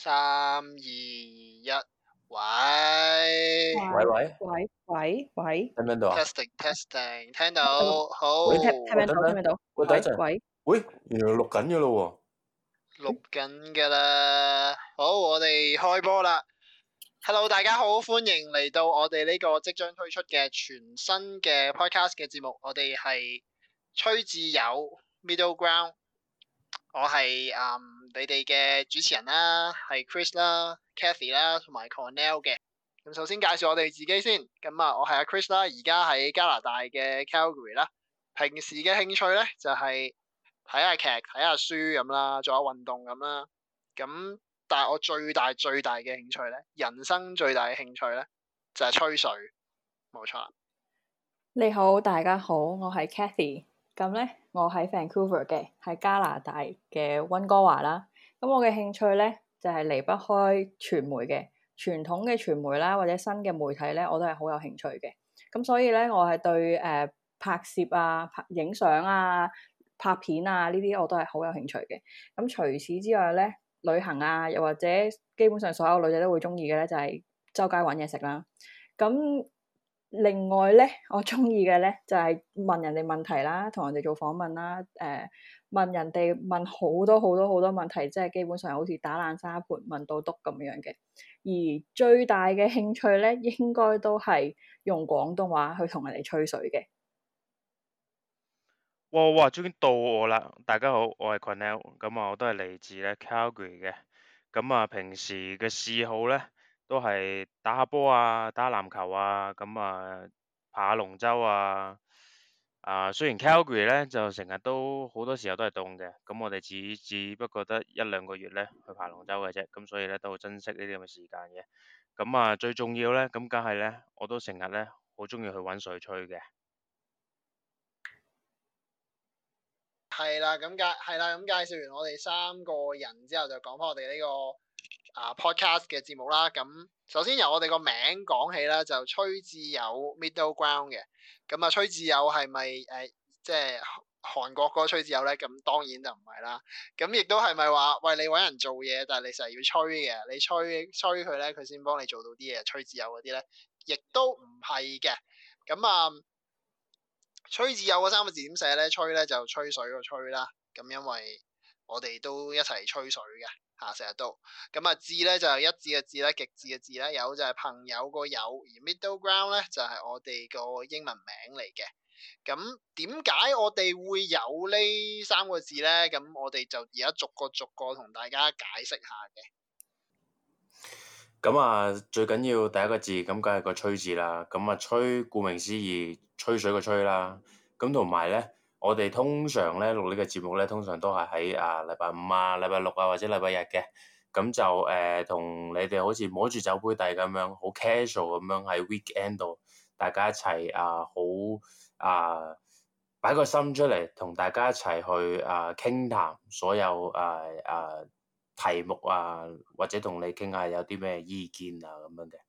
三二一，喂喂喂喂喂喂，聽到 Testing testing，聽到。好，喂，聽唔聽到？聽唔聽到？聽喂，喂，原來錄緊嘅嘞喎，錄緊㗎啦。好，我哋開波啦。 Hello，大家好，歡迎嚟到我哋呢個即將推出嘅全新嘅 Podcast 嘅節目。我哋係吹致友，Middle Ground，我係嗯。你哋嘅主持人啦，係 Chris 啦了、Kathy 啦同埋 Cornell 嘅。咁首先介紹我哋自己先。咁啊，我係阿 Chris 啦，而家喺加拿大嘅 Calgary 啦。平時嘅興趣咧就係睇下劇、睇下書咁啦，做下運動咁啦。咁但係我最大最大嘅興趣咧，人生最大嘅興趣咧，就係吹水。冇錯啦。你好，大家好，我係 Kathy。咁咧，我喺 Vancouver 嘅，喺加拿大嘅溫哥華啦。咁我嘅興趣咧，就係、是、離不開傳媒嘅，傳統嘅傳媒啦，或者新嘅媒體咧，我都係好有興趣嘅。咁所以咧，我係對誒、呃、拍攝啊、拍影相啊、拍片啊呢啲我都係好有興趣嘅。咁除此之外咧，旅行啊，又或者基本上所有女仔都會中意嘅咧，就係周街揾嘢食啦。咁另外咧，我中意嘅咧就係、是、問人哋問題啦，同人哋做訪問啦，誒、呃，問人哋問好多好多好多問題，即係基本上好似打爛沙盤問到篤咁樣嘅。而最大嘅興趣咧，應該都係用廣東話去同人哋吹水嘅。哇哇，終於到我啦！大家好，我係 e l 咁啊，我都係嚟自咧 Calgary 嘅。咁啊，平時嘅嗜好咧，都係打下波啊，打下籃球啊，咁啊，爬下龍舟啊，啊，雖然 Calgary 咧就成日都好多時候都係凍嘅，咁我哋只只不過得一兩個月咧去爬龍舟嘅啫，咁所以咧都好珍惜呢啲咁嘅時間嘅，咁啊最重要咧，咁梗係咧，我都成日咧好中意去搵水吹嘅。係啦，咁介係啦，咁介紹完我哋三個人之後，就講翻我哋呢、這個。啊、uh,，podcast 嘅節目啦，咁首先由我哋個名講起啦，就吹致友 middle ground 嘅。咁啊吹致友係咪誒即係韓國個崔智友咧？咁當然就唔係啦，咁亦都係咪話喂，你搵人做嘢，但係你成日要吹嘅，你吹吹佢咧，佢先幫你做到啲嘢，吹致友嗰啲咧，亦都唔係嘅，咁啊，吹致友嗰三個字點寫咧？吹咧就吹水個吹啦，咁因為。我哋都一齊吹水嘅，嚇，成日都咁啊！致咧就係一致嘅致啦，極致嘅致咧，友就係朋友個友，而 middle ground 咧就係、是、我哋個英文名嚟嘅。咁點解我哋會有呢三個字咧？咁我哋就而家逐個逐個同大家解釋下嘅。咁啊，最緊要第一個字咁，梗係個吹字啦。咁啊，吹，顧名思義，吹水個吹啦。咁同埋咧。我哋通常咧錄呢個節目咧，通常都係喺啊禮拜五啊、禮拜六啊或者禮拜日嘅，咁就誒同、呃、你哋好似摸住酒杯底咁樣，好 casual 咁樣喺 weekend 度，大家一齊啊好啊擺個心出嚟，同大家一齊去啊傾談所有啊啊題目啊，或者同你傾下有啲咩意見啊咁樣嘅。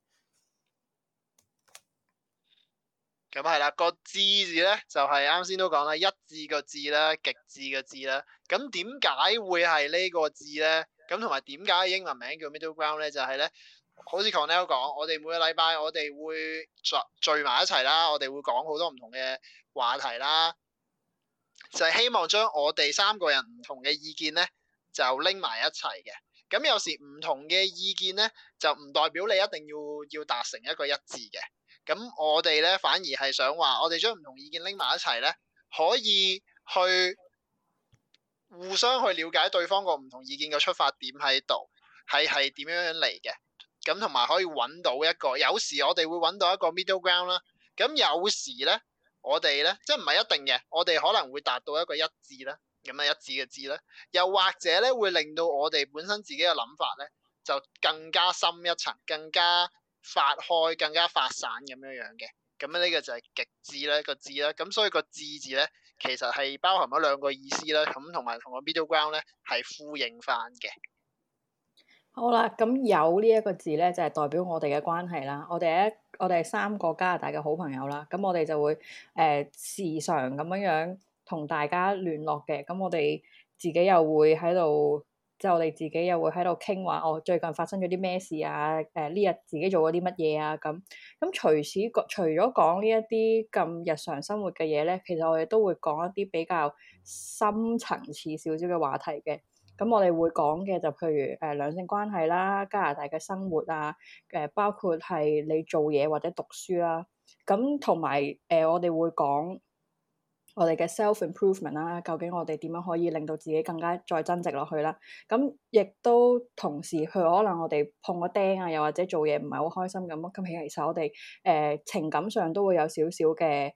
咁係啦，個致字咧就係啱先都講啦，一致個字啦，極致個字啦。咁點解會係呢個字咧？咁同埋點解英文名叫 Middle Ground 咧？就係咧，好似 Cornell 講，我哋每個禮拜我哋會聚聚埋一齊啦，我哋會講好多唔同嘅話題啦，就係希望將我哋三個人唔同嘅意見咧就拎埋一齊嘅。咁有時唔同嘅意見咧就唔代表你一定要要達成一個一致嘅。咁我哋咧，反而係想話，我哋將唔同意見拎埋一齊咧，可以去互相去了解對方個唔同意見嘅出發點喺度，係係點樣樣嚟嘅。咁同埋可以揾到一個，有時我哋會揾到一個 middle ground 啦。咁有時咧，我哋咧，即係唔係一定嘅，我哋可能會達到一個一致啦。咁啊，一致嘅致啦，又或者咧，會令到我哋本身自己嘅諗法咧，就更加深一層，更加。發開更加發散咁樣樣嘅。咁呢個就係極致啦，個字啦，咁所以個、G、致字咧，其實係包含咗兩個意思啦，咁同埋同個 middle ground 咧係呼應翻嘅。好啦，咁有呢一個字咧就係、是、代表我哋嘅關係啦，我哋係我哋係三個加拿大嘅好朋友啦，咁我哋就會誒、呃、時常咁樣樣同大家聯絡嘅，咁我哋自己又會喺度。之後我哋自己又會喺度傾話，我、哦、最近發生咗啲咩事啊？誒呢日自己做咗啲乜嘢啊？咁咁除此，除咗講呢一啲咁日常生活嘅嘢咧，其實我哋都會講一啲比較深層次少少嘅話題嘅。咁我哋會講嘅就譬如誒呃、兩性關係啦、加拿大嘅生活啊、誒、呃、包括係你做嘢或者讀書啦、啊。咁同埋誒我哋會講。我哋嘅 self improvement 啦，im ment, 究竟我哋點樣可以令到自己更加再增值落去啦？咁亦都同時佢可能我哋碰個釘啊，又或者做嘢唔係好開心咁，咁其實我哋誒、呃、情感上都會有少少嘅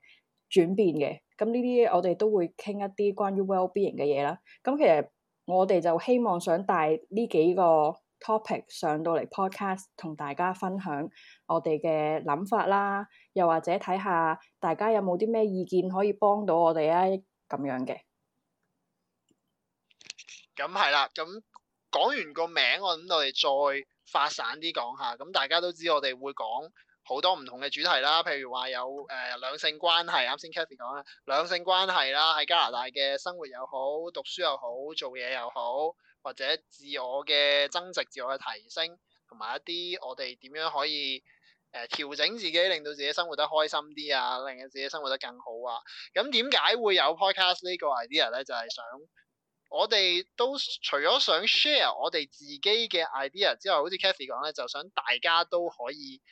轉變嘅。咁呢啲我哋都會傾一啲關於 well being 嘅嘢啦。咁其實我哋就希望想帶呢幾個。topic 上到嚟 podcast 同大家分享我哋嘅諗法啦，又或者睇下大家有冇啲咩意見可以幫到我哋啊咁樣嘅。咁係啦，咁講、嗯、完個名，我諗我哋再發散啲講下。咁、嗯、大家都知我哋會講好多唔同嘅主題啦，譬如話有誒、呃、兩性關係，啱先 Cathy 講啦，兩性關係啦，喺加拿大嘅生活又好，讀書又好，做嘢又好。或者自我嘅增值、自我嘅提升，同埋一啲我哋點樣可以誒、呃、調整自己，令到自己生活得開心啲啊，令到自己生活得更好啊。咁點解會有 Podcast 呢個 idea 咧？就係、是、想我哋都除咗想 share 我哋自己嘅 idea 之外，好似 Kathy 講咧，就想大家都可以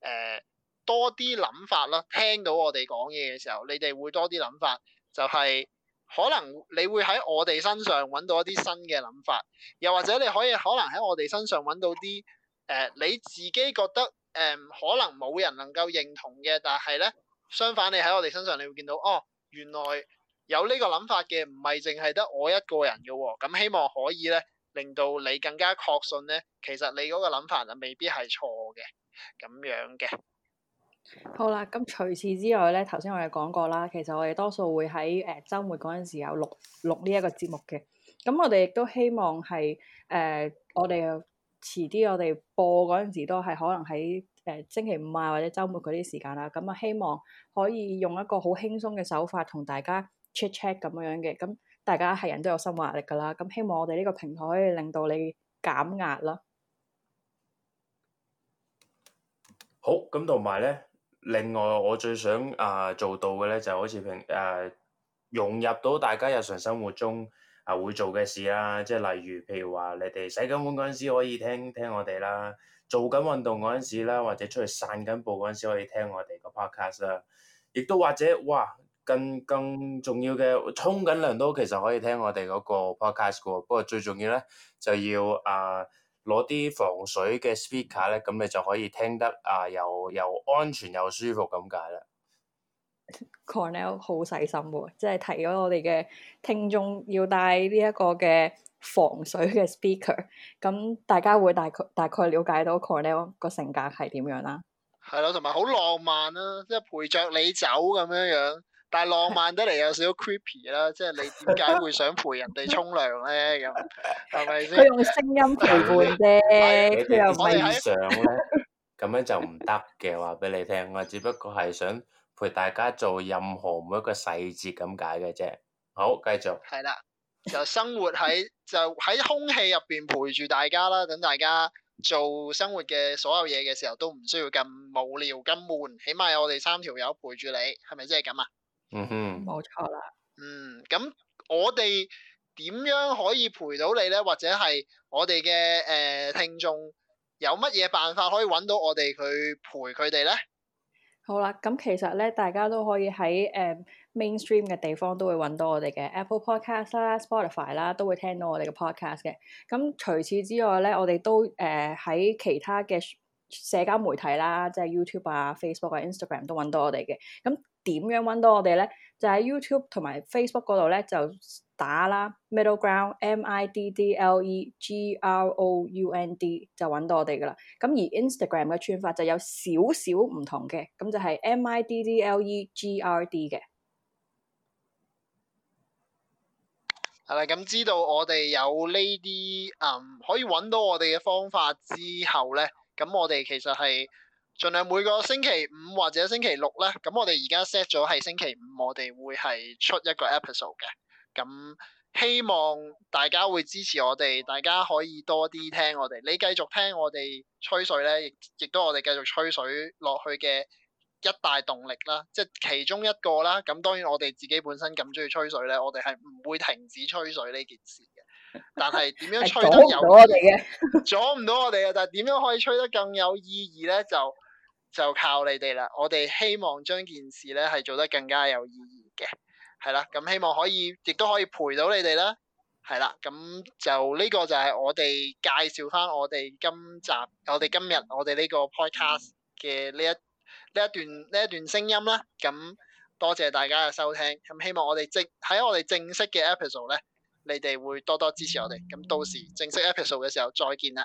誒、呃、多啲諗法咯。聽到我哋講嘢嘅時候，你哋會多啲諗法、就是，就係。可能你會喺我哋身上揾到一啲新嘅諗法，又或者你可以可能喺我哋身上揾到啲誒、呃、你自己覺得誒、呃、可能冇人能夠認同嘅，但係咧，相反你喺我哋身上你會見到哦，原來有呢個諗法嘅唔係淨係得我一個人嘅、哦，咁、嗯、希望可以咧令到你更加確信咧，其實你嗰個諗法就未必係錯嘅咁樣嘅。好啦，咁除此之外咧，頭先我哋講過啦，其實我哋多數會喺誒周末嗰陣時有錄錄呢一個節目嘅，咁我哋亦都希望係誒我哋遲啲我哋播嗰陣時都係可能喺誒星期五啊或者周末嗰啲時間啦，咁啊希望可以用一個好輕鬆嘅手法同大家 chat chat 咁樣嘅，咁大家係人都有生活壓力噶啦，咁希望我哋呢個平台可以令到你減壓啦。好，咁同埋咧。另外，我最想啊、呃、做到嘅咧，就好似平誒融入到大家日常生活中啊、呃、會做嘅事啦，即係例如譬如話你哋洗緊碗嗰陣時可以聽聽我哋啦，做緊運動嗰陣時啦，或者出去散緊步嗰陣時可以聽我哋個 podcast 啦，亦都或者哇更更重要嘅，沖緊涼都其實可以聽我哋嗰個 podcast 嘅喎，不過最重要咧就要啊，呃攞啲防水嘅 speaker 咧，咁你就可以聽得啊，又又安全又舒服咁解啦。Cornell 好細心喎，即係提咗我哋嘅聽眾要帶呢一個嘅防水嘅 speaker。咁大家會大概大概了解到 Cornell 個性格係點樣啦？係咯，同埋好浪漫啊，即係陪着你走咁樣樣。但係浪漫得嚟有少少 creepy 啦，即係你點解會想陪人哋沖涼咧？咁係咪先？佢用聲音陪伴啫，佢又唔可以上咧。咁樣就唔得嘅，話俾你聽。我只不過係想陪大家做任何每一個細節咁解嘅啫。好，繼續。係啦，就生活喺就喺空氣入邊陪住大家啦，等大家做生活嘅所有嘢嘅時候，都唔需要咁無聊咁悶，起碼有我哋三條友陪住你，係咪即係咁啊？嗯哼，冇錯啦。嗯，咁我哋點樣可以陪到你咧？或者係我哋嘅，誒聽眾有乜嘢辦法可以揾到我哋去陪佢哋咧？好啦，咁其實咧，大家都可以喺誒、呃、mainstream 嘅地方都會揾到我哋嘅 Apple Podcast 啦、Spotify 啦，都會聽到我哋嘅 podcast 嘅。咁除此之外咧，我哋都誒喺、呃、其他嘅社交媒體啦，即係 YouTube 啊、Facebook 啊、Instagram 都揾到我哋嘅。咁點樣搵到我哋咧？就喺 YouTube 同埋 Facebook 嗰度咧，就打啦 Middle Ground M I D D L E G R O U N D 就搵到我哋噶啦。咁而 Instagram 嘅串法就有少少唔同嘅，咁就係 M I D D L E G R D 嘅。係啦、嗯，咁知道我哋有呢啲嗯可以搵到我哋嘅方法之後咧，咁我哋其實係。盡量每個星期五或者星期六咧，咁我哋而家 set 咗係星期五，我哋會係出一個 episode 嘅。咁希望大家會支持我哋，大家可以多啲聽我哋。你繼續聽我哋吹水咧，亦亦都我哋繼續吹水落去嘅一大動力啦。即係其中一個啦。咁當然我哋自己本身咁中意吹水咧，我哋係唔會停止吹水呢件事嘅。但係點樣吹得由 阻唔到我哋嘅， 阻唔到我哋嘅。但係點樣可以吹得更有意義咧？就就靠你哋啦，我哋希望將件事咧係做得更加有意義嘅。係啦，咁、嗯、希望可以，亦都可以陪到你哋啦，係啦，咁、嗯、就呢個就係我哋介紹翻我哋今集，我哋今日我哋呢個 podcast 嘅呢一呢一段呢一段聲音啦，咁、嗯、多謝大家嘅收聽，咁、嗯、希望我哋即喺我哋正式嘅 episode 咧，你哋會多多支持我哋，咁到時正式 episode 嘅時候再見啦。